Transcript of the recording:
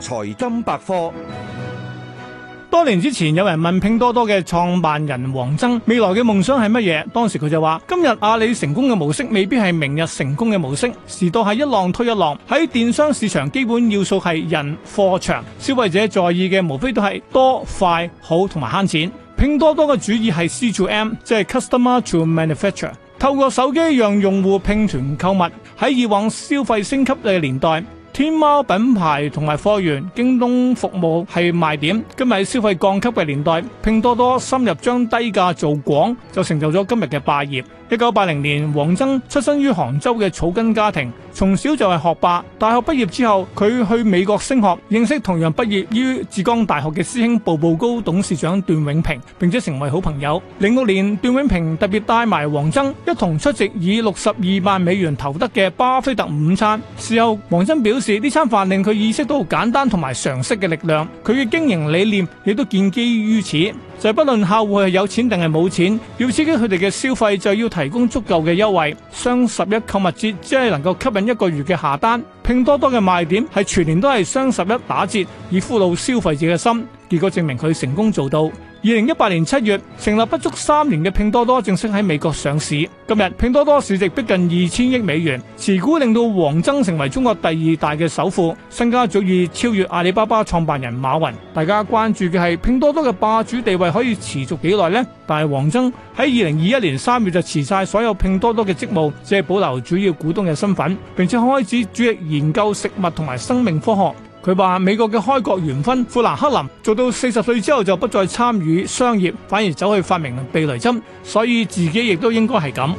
財金百科。多年之前，有人問拼多多嘅創辦人黃崢未來嘅夢想係乜嘢？當時佢就話：今日阿里成功嘅模式未必係明日成功嘅模式，時代係一浪推一浪。喺電商市場，基本要素係人、貨、場。消費者在意嘅無非都係多、快、好同埋慳錢。拼多多嘅主意係 C to M，即係 Customer to Manufacturer。透過手機讓用戶拼團購物。喺以往消費升級嘅年代。天貓品牌同埋貨源，京東服務係賣點。今日消費降級嘅年代，拼多多深入將低價做廣，就成就咗今日嘅霸業。一九八零年，黃崢出生於杭州嘅草根家庭，從小就係學霸。大學畢業之後，佢去美國升學，認識同樣畢業於浙江大學嘅師兄步步高董事長段永平，並且成為好朋友。零六年，段永平特別帶埋黃崢一同出席以六十二萬美元投得嘅巴菲特午餐。事後，黃崢表示。呢餐飯令佢意識到簡單同埋常識嘅力量，佢嘅經營理念亦都建基於此。就不論客戶係有錢定係冇錢，要刺激佢哋嘅消費，就要提供足夠嘅優惠。雙十一購物節只係能夠吸引一個月嘅下單。拼多多嘅賣點係全年都係雙十一打折，以俘虜消費者嘅心。結果證明佢成功做到。二零一八年七月成立不足三年嘅拼多多正式喺美國上市。今日拼多多市值逼近二千億美元，持股令到黃崢成為中國第二大嘅首富，身家早已超越阿里巴巴創辦人馬雲。大家關注嘅係拼多多嘅霸主地位。可以持續幾耐呢？但係黃崢喺二零二一年三月就辭晒所有拼多多嘅職務，只係保留主要股東嘅身份，並且開始主力研究食物同埋生命科學。佢話美國嘅開國元勳富蘭克林做到四十歲之後就不再參與商業，反而走去發明避雷針，所以自己亦都應該係咁。